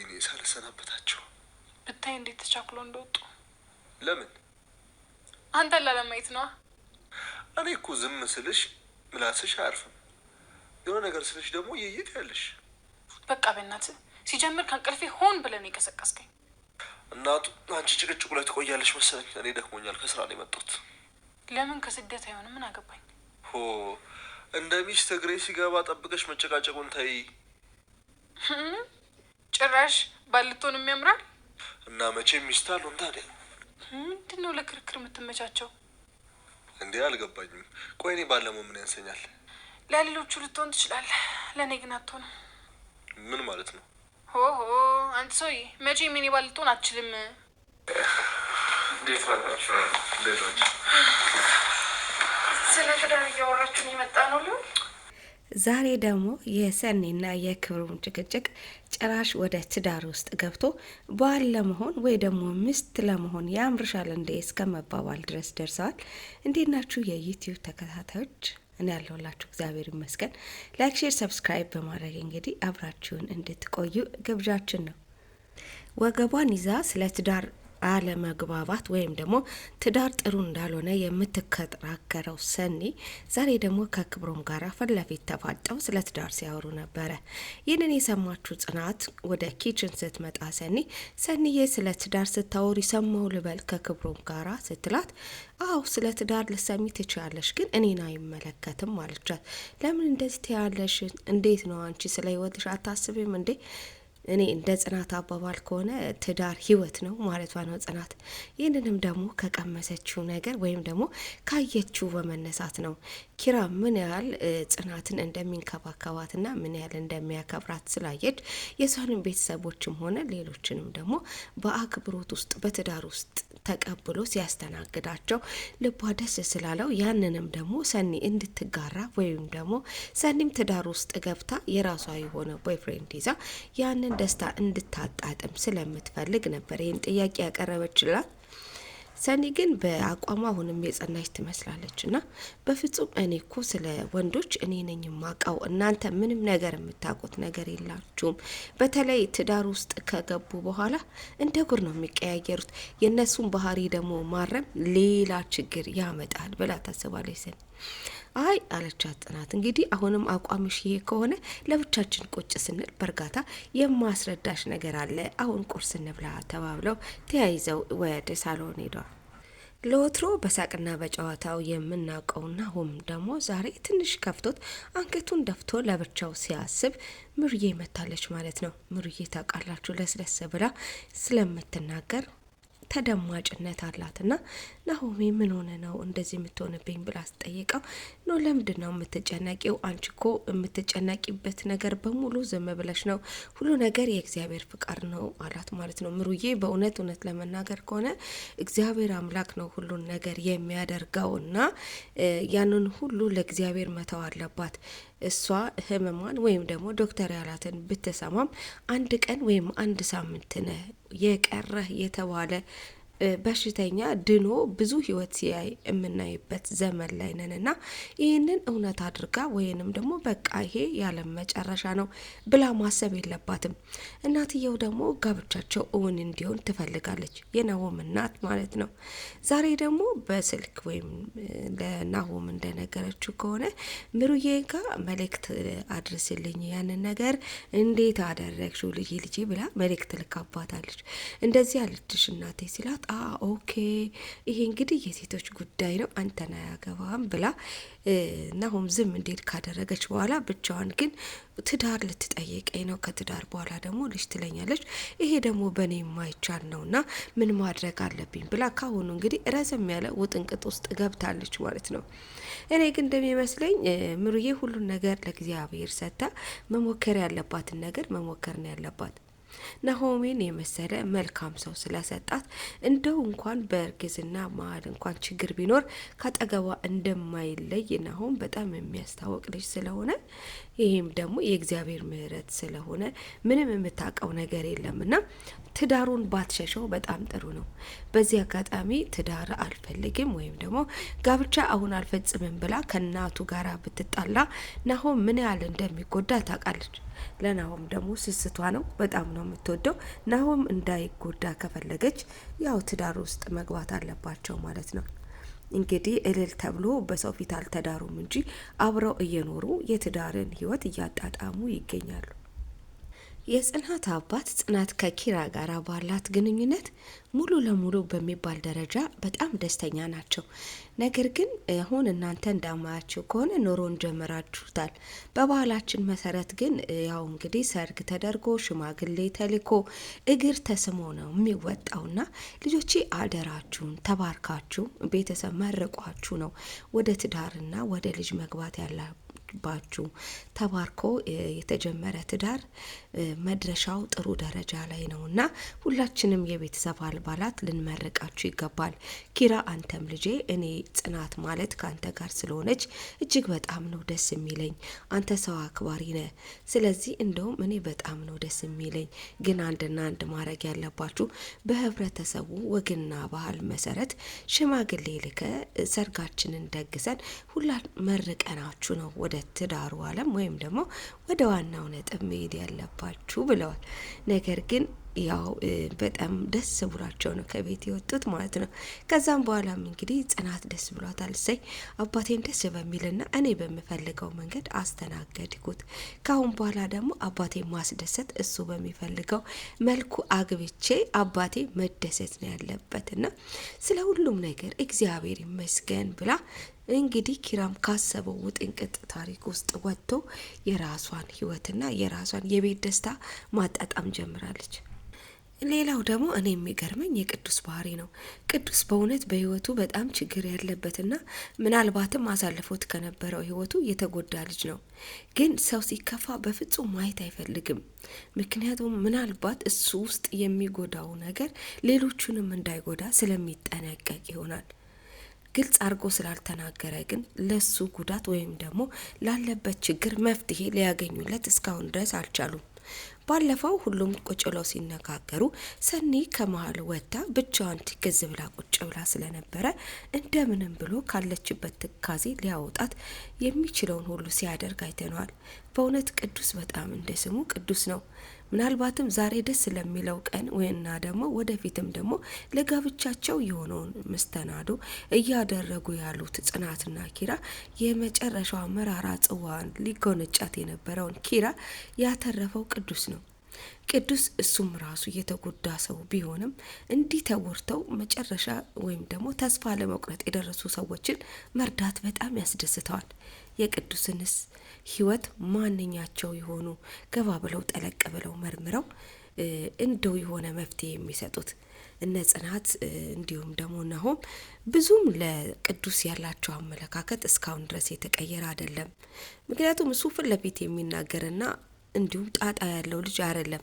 ጉዳይ ሳለሰናበታቸው ሳልሰናበታቸው። ብታይ እንዴት ተቻኩሎ እንደወጡ። ለምን? አንተን ላለማየት ነዋ። እኔ እኮ ዝም ስልሽ ምላስሽ አያርፍም። የሆነ ነገር ስልሽ ደግሞ የየት ያለሽ። በቃ በእናት ሲጀምር ከእንቅልፌ ሆን ብለን የቀሰቀስከኝ። እናቱ አንቺ ጭቅጭቁ ላይ ትቆያለሽ መሰለኝ። እኔ ደክሞኛል፣ ከስራ ነው የመጣሁት። ለምን ከስደት አይሆንም? ምን አገባኝ። ሆ እንደ ሚስት እግሬ ሲገባ ጠብቀሽ መጨቃጨቁን ታይ። ጭራሽ ባልቶንም ያምራል። እና መቼ ሚስት አሉን ታዲያ? ምንድን ነው ለክርክር የምትመቻቸው እንዴ? አልገባኝም። ቆይ እኔ ባለመሆን ምን ያንሰኛል? ለሌሎቹ ልትሆን ትችላለህ፣ ለእኔ ግን አትሆንም። ምን ማለት ነው? ሆሆ አንተ ሰውዬ መቼም እኔ ባል ልትሆን አትችልም። እንዴት ናቸው? ስለ ትዳር እያወራችሁን የመጣ ነው ሊሆን ዛሬ ደግሞ የሰኔና የክብሩም ጭቅጭቅ ጭራሽ ወደ ትዳር ውስጥ ገብቶ ባል ለመሆን ወይ ደግሞ ሚስት ለመሆን ያምርሻል እንዴ እስከ መባባል ድረስ ደርሰዋል። እንዴት ናችሁ የዩቲዩብ ተከታታዮች? እኔ ያለሁላችሁ እግዚአብሔር ይመስገን። ላይክ፣ ሼር፣ ሰብስክራይብ በማድረግ እንግዲህ አብራችሁን እንድትቆዩ ግብዣችን ነው። ወገቧን ይዛ ስለ ትዳር አለመግባባት ወይም ደግሞ ትዳር ጥሩ እንዳልሆነ የምትከራከረው ሰኒ ዛሬ ደግሞ ከክብሮም ጋር ፊት ለፊት ተፋጠው ስለ ትዳር ሲያወሩ ነበረ። ይህንን የሰማችሁ ጽናት ወደ ኪችን ስትመጣ ሰኒ ሰኒዬ ስለ ትዳር ስታወሩ ይሰማው ልበል ከክብሮም ጋር ስትላት አዎ ስለ ትዳር ልሰሚ ትችያለሽ፣ ግን እኔን አይመለከትም አለቻት። ለምን እንደዚህ ትያለሽ? እንዴት ነው አንቺ ስለ ህይወትሽ አታስብም እንዴ? እኔ እንደ ጽናት አባባል ከሆነ ትዳር ህይወት ነው ማለቷ ነው ጽናት። ይህንንም ደግሞ ከቀመሰችው ነገር ወይም ደግሞ ካየችው በመነሳት ነው ኪራ ምን ያህል ጽናትን እንደሚንከባከባትና ምን ያህል እንደሚያከብራት ስላየች የሷንም ቤተሰቦችም ሆነ ሌሎችንም ደግሞ በአክብሮት ውስጥ በትዳር ውስጥ ተቀብሎ ሲያስተናግዳቸው ልቧ ደስ ስላለው ያንንም ደግሞ ሰኒ እንድትጋራ ወይም ደግሞ ሰኒም ትዳር ውስጥ ገብታ የራሷ የሆነ ቦይፍሬንድ ይዛ ያንን ደስታ እንድታጣጥም ስለምትፈልግ ነበር ይህን ጥያቄ ያቀረበችላት። ሰኒ ግን በአቋሟ አሁንም የጸናች ትመስላለች እና በፍጹም እኔ እኮ ስለ ወንዶች እኔ ነኝ የማውቀው፣ እናንተ ምንም ነገር የምታውቁት ነገር የላችሁም። በተለይ ትዳር ውስጥ ከገቡ በኋላ እንደ ጉር ነው የሚቀያየሩት። የእነሱን ባህሪ ደግሞ ማረም ሌላ ችግር ያመጣል ብላ ታስባለች ሰኒ። አይ አለቻት ጽናት። እንግዲህ አሁንም አቋምሽ ይሄ ከሆነ ለብቻችን ቁጭ ስንል በእርጋታ የማስረዳሽ ነገር አለ። አሁን ቁርስ እንብላ ተባብለው ተያይዘው ወደ ሳሎን ሄደዋል። ለወትሮ በሳቅና በጨዋታው የምናውቀው ናሆም ደግሞ ዛሬ ትንሽ ከፍቶት አንገቱን ደፍቶ ለብቻው ሲያስብ ምሩዬ መታለች ማለት ነው። ምሩዬ ታውቃላችሁ፣ ለስለስ ብላ ስለምትናገር ተደማጭነት አላትና ናሆሜ ምን ሆነ ነው እንደዚህ የምትሆንብኝ ብላ አስጠየቀው። ኖ ለምንድን ነው የምትጨናቂው? አንቺ የምትጨናቂበት ነገር በሙሉ ዝም ብለሽ ነው። ሁሉ ነገር የእግዚአብሔር ፍቃድ ነው አላት ማለት ነው። ምሩዬ በእውነት እውነት ለመናገር ከሆነ እግዚአብሔር አምላክ ነው ሁሉን ነገር የሚያደርገው እና ያንን ሁሉ ለእግዚአብሔር መተው አለባት። እሷ ህመሟን ወይም ደግሞ ዶክተር ያላትን ብትሰማም አንድ ቀን ወይም አንድ ሳምንት ነህ የቀረህ የተባለ በሽተኛ ድኖ ብዙ ህይወት ሲያይ የምናይበት ዘመን ላይ ነን እና ይህንን እውነት አድርጋ ወይንም ደግሞ በቃ ይሄ የዓለም መጨረሻ ነው ብላ ማሰብ የለባትም። እናትየው ደግሞ ጋብቻቸው እውን እንዲሆን ትፈልጋለች፣ የናሆም እናት ማለት ነው። ዛሬ ደግሞ በስልክ ወይም ለናሆም እንደነገረችው ከሆነ ምሩዬ ጋ መልእክት አድርስልኝ፣ ያንን ነገር እንዴት አደረግሽው ልጅ ልጅ ብላ መልእክት ልካባታለች። እንደዚህ አለችሽ እናቴ ሲላት ኦኬ ይሄ እንግዲህ የሴቶች ጉዳይ ነው አንተን አያገባም ብላ ናሆም ዝም እንዴት ካደረገች በኋላ ብቻዋን ግን ትዳር ልትጠይቀኝ ነው፣ ከትዳር በኋላ ደግሞ ልጅ ትለኛለች፣ ይሄ ደግሞ በእኔ የማይቻል ነውና ምን ማድረግ አለብኝ ብላ ካሁኑ እንግዲህ ረዘም ያለ ውጥንቅጥ ውስጥ ገብታለች ማለት ነው። እኔ ግን እንደሚመስለኝ ምሩዬ ሁሉን ነገር ለእግዚአብሔር ሰጥታ መሞከር ያለባትን ነገር መሞከር ነው ያለባት። ናሆሜን የመሰለ መልካም ሰው ስለሰጣት እንደው እንኳን በእርግዝና መሀል እንኳን ችግር ቢኖር ካጠገቧ እንደማይለይ ናሆም በጣም የሚያስታወቅ ልጅ ስለሆነ ይህም ደግሞ የእግዚአብሔር ምሕረት ስለሆነ ምንም የምታውቀው ነገር የለም እና ትዳሩን ባትሸሸው በጣም ጥሩ ነው። በዚህ አጋጣሚ ትዳር አልፈልግም ወይም ደግሞ ጋብቻ አሁን አልፈጽምም ብላ ከእናቱ ጋር ብትጣላ ናሆም ምን ያህል እንደሚጎዳ ታውቃለች። ለናሆም ደግሞ ስስቷ ነው፣ በጣም ነው የምትወደው ናሆም እንዳይጎዳ ከፈለገች ያው ትዳር ውስጥ መግባት አለባቸው ማለት ነው። እንግዲህ እልል ተብሎ በሰው ፊት አልተዳሩም እንጂ አብረው እየኖሩ የትዳርን ህይወት እያጣጣሙ ይገኛሉ። የጽናት አባት ጽናት ከኪራ ጋር ባላት ግንኙነት ሙሉ ለሙሉ በሚባል ደረጃ በጣም ደስተኛ ናቸው። ነገር ግን አሁን እናንተ እንዳማያችሁ ከሆነ ኑሮን ጀምራችሁታል። በባህላችን መሰረት ግን ያው እንግዲህ ሰርግ ተደርጎ ሽማግሌ ተልኮ እግር ተስሞ ነው የሚወጣውና ልጆቼ አደራችሁን ተባርካችሁ ቤተሰብ መርቋችሁ ነው ወደ ትዳርና ወደ ልጅ መግባት ያላ ባችሁ ተባርኮ የተጀመረ ትዳር መድረሻው ጥሩ ደረጃ ላይ ነው እና ሁላችንም የቤተሰብ አባላት ልንመርቃችሁ ይገባል። ኪራ አንተም ልጄ፣ እኔ ጽናት ማለት ከአንተ ጋር ስለሆነች እጅግ በጣም ነው ደስ የሚለኝ። አንተ ሰው አክባሪ ነ ስለዚህ እንደውም እኔ በጣም ነው ደስ የሚለኝ። ግን አንድና አንድ ማድረግ ያለባችሁ በህብረተሰቡ ወግና ባህል መሰረት ሽማግሌ ልከ ሰርጋችንን ደግሰን ሁላ መርቀናችሁ ነው ወደ ትዳሩ አለም ወይም ደግሞ ወደ ዋናው ነጥብ መሄድ ያለባችሁ ብለዋል። ነገር ግን ያው በጣም ደስ ብሏቸው ነው ከቤት የወጡት ማለት ነው። ከዛም በኋላም እንግዲህ ጽናት ደስ ብሏታል። እሰይ አባቴን ደስ በሚልና እኔ በምፈልገው መንገድ አስተናገድኩት። ካሁን በኋላ ደግሞ አባቴ ማስደሰት እሱ በሚፈልገው መልኩ አግብቼ አባቴ መደሰት ነው እና ስለ ሁሉም ነገር እግዚአብሔር ይመስገን ብላ እንግዲህ ኪራም ካሰበው ውጥንቅጥ ታሪክ ውስጥ ወጥቶ የራሷን ህይወትና የራሷን የቤት ደስታ ማጣጣም ጀምራለች። ሌላው ደግሞ እኔ የሚገርመኝ የቅዱስ ባህሪ ነው። ቅዱስ በእውነት በህይወቱ በጣም ችግር ያለበትና ምናልባትም አሳልፎት ከነበረው ህይወቱ የተጎዳ ልጅ ነው። ግን ሰው ሲከፋ በፍጹም ማየት አይፈልግም። ምክንያቱም ምናልባት እሱ ውስጥ የሚጎዳው ነገር ሌሎቹንም እንዳይጎዳ ስለሚጠነቀቅ ይሆናል። ግልጽ አድርጎ ስላልተናገረ ግን ለሱ ጉዳት ወይም ደግሞ ላለበት ችግር መፍትሄ ሊያገኙለት እስካሁን ድረስ አልቻሉም። ባለፈው ሁሉም ቁጭ ብለው ሲነጋገሩ ሰኒ ከመሀል ወጥታ ብቻዋን ትክዝ ብላ ቁጭ ብላ ስለነበረ እንደምንም ብሎ ካለችበት ትካዜ ሊያወጣት የሚችለውን ሁሉ ሲያደርግ አይተነዋል። በእውነት ቅዱስ በጣም እንደ ስሙ ቅዱስ ነው። ምናልባትም ዛሬ ደስ ለሚለው ቀን ወይና ደግሞ ወደፊትም ደግሞ ለጋብቻቸው የሆነውን መስተናዶ እያደረጉ ያሉት ጽናትና ኪራ የመጨረሻዋ መራራ ጽዋን ሊጎነጫት የነበረውን ኪራ ያተረፈው ቅዱስ ነው። ቅዱስ እሱም ራሱ የተጎዳ ሰው ቢሆንም እንዲህ ተጎድተው መጨረሻ ወይም ደግሞ ተስፋ ለመቁረጥ የደረሱ ሰዎችን መርዳት በጣም ያስደስተዋል። የቅዱስንስ ህይወት ማንኛቸው የሆኑ ገባ ብለው ጠለቅ ብለው መርምረው እንደው የሆነ መፍትሄ የሚሰጡት እነ ጽናት እንዲሁም ደግሞ ናሆም ብዙም ለቅዱስ ያላቸው አመለካከት እስካሁን ድረስ የተቀየረ አይደለም። ምክንያቱም እሱ ፊት ለፊት የሚናገርና እንዲሁ ጣጣ ያለው ልጅ አይደለም።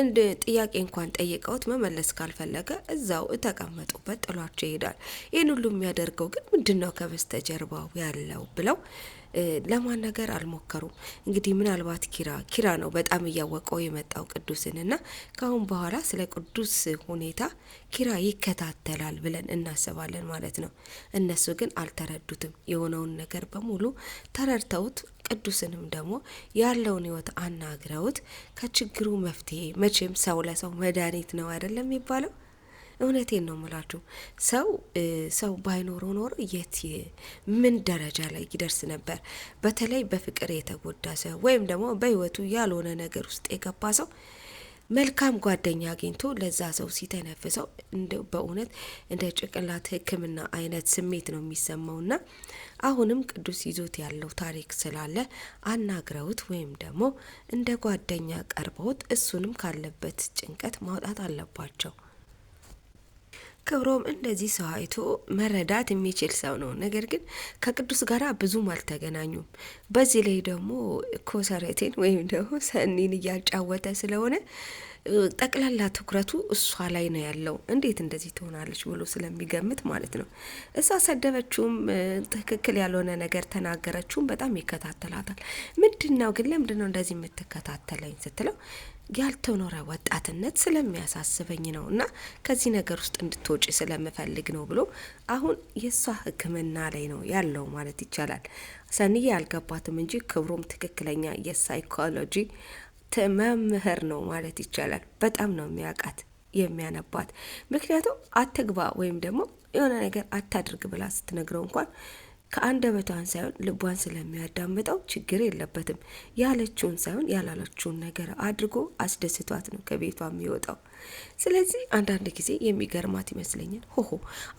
እንደ ጥያቄ እንኳን ጠይቀውት መመለስ ካልፈለገ እዛው እተቀመጡበት ጥሏቸው ይሄዳል። ይህን ሁሉ የሚያደርገው ግን ምንድን ነው ከበስተጀርባው ያለው ብለው ለማናገር አልሞከሩም። እንግዲህ ምናልባት ኪራ ኪራ ነው በጣም እያወቀው የመጣው ቅዱስን እና ከአሁን በኋላ ስለ ቅዱስ ሁኔታ ኪራ ይከታተላል ብለን እናስባለን ማለት ነው። እነሱ ግን አልተረዱትም። የሆነውን ነገር በሙሉ ተረድተውት ቅዱስንም ደግሞ ያለውን ህይወት አናግረውት ከችግሩ መፍትሄ መቼም ሰው ለሰው መድኃኒት ነው አይደለም የሚባለው እውነቴን ነው የምላችሁ። ሰው ሰው ባይኖሮ ኖሮ የት ምን ደረጃ ላይ ይደርስ ነበር? በተለይ በፍቅር የተጎዳ ሰው ወይም ደግሞ በህይወቱ ያልሆነ ነገር ውስጥ የገባ ሰው መልካም ጓደኛ አግኝቶ ለዛ ሰው ሲተነፍሰው በእውነት እንደ ጭንቅላት ሕክምና አይነት ስሜት ነው የሚሰማው እና አሁንም ቅዱስ ይዞት ያለው ታሪክ ስላለ አናግረውት ወይም ደግሞ እንደ ጓደኛ ቀርበውት እሱንም ካለበት ጭንቀት ማውጣት አለባቸው። ክብሮም እንደዚህ ሰው አይቶ መረዳት የሚችል ሰው ነው። ነገር ግን ከቅዱስ ጋር ብዙም አልተገናኙም። በዚህ ላይ ደግሞ ኮሰረቴን ወይም ደግሞ ሰኒን እያጫወተ ስለሆነ ጠቅላላ ትኩረቱ እሷ ላይ ነው ያለው። እንዴት እንደዚህ ትሆናለች ብሎ ስለሚገምት ማለት ነው። እሷ ሰደበችውም፣ ትክክል ያልሆነ ነገር ተናገረችውም፣ በጣም ይከታተላታል። ምንድን ነው ግን ለምንድን ነው እንደዚህ የምትከታተለኝ ስትለው ያልተኖረ ወጣትነት ስለሚያሳስበኝ ነው እና ከዚህ ነገር ውስጥ እንድትወጪ ስለምፈልግ ነው ብሎ አሁን የእሷ ሕክምና ላይ ነው ያለው ማለት ይቻላል። ሰንዬ አልገባትም እንጂ ክብሮም ትክክለኛ የሳይኮሎጂ መምህር ነው ማለት ይቻላል። በጣም ነው የሚያውቃት የሚያነባት። ምክንያቱም አትግባ ወይም ደግሞ የሆነ ነገር አታድርግ ብላ ስትነግረው እንኳን ከአንደበቷን ሳይሆን ልቧን ስለሚያዳምጠው ችግር የለበትም። ያለችውን ሳይሆን ያላለችውን ነገር አድርጎ አስደስቷት ነው ከቤቷ የሚወጣው። ስለዚህ አንዳንድ ጊዜ የሚገርማት ይመስለኛል። ሆሆ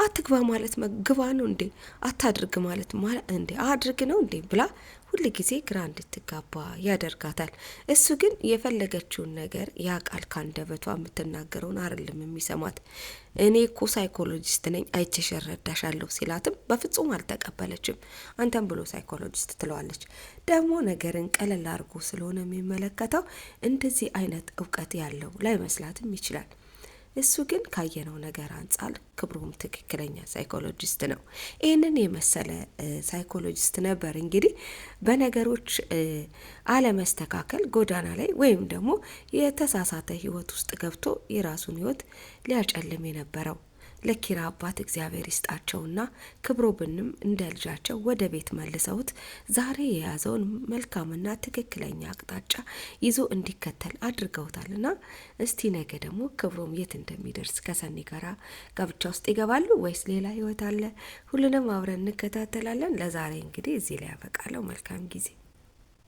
አትግባ ማለት ግባ ነው እንዴ? አታድርግ ማለት እንዴ አድርግ ነው እንዴ? ብላ ሁል ጊዜ ግራ እንድትጋባ ያደርጋታል። እሱ ግን የፈለገችውን ነገር ያቃል። ካንደበቷ የምትናገረውን አርልም የሚሰማት። እኔ እኮ ሳይኮሎጂስት ነኝ አይቼሽ እረዳሻለሁ ሲላትም በፍጹም አልተቀበለችም። አንተም ብሎ ሳይኮሎጂስት ትለዋለች። ደግሞ ነገርን ቀለል አድርጎ ስለሆነ የሚመለከተው እንደዚህ አይነት እውቀት ያለው ላይመስላትም ይችላል። እሱ ግን ካየነው ነገር አንጻር ክብሩም ትክክለኛ ሳይኮሎጂስት ነው። ይህንን የመሰለ ሳይኮሎጂስት ነበር። እንግዲህ በነገሮች አለመስተካከል ጎዳና ላይ ወይም ደግሞ የተሳሳተ ህይወት ውስጥ ገብቶ የራሱን ህይወት ሊያጨልም የነበረው ለኪራ አባት እግዚአብሔር ይስጣቸውና ክብሮብንም እንደ ልጃቸው ወደ ቤት መልሰውት ዛሬ የያዘውን መልካምና ትክክለኛ አቅጣጫ ይዞ እንዲከተል አድርገውታልና እስቲ ነገ ደግሞ ክብሮም የት እንደሚደርስ ከሰኒ ጋር ጋብቻ ውስጥ ይገባሉ ወይስ ሌላ ህይወት አለ? ሁሉንም አብረን እንከታተላለን። ለዛሬ እንግዲህ እዚህ ላይ ያበቃለው። መልካም ጊዜ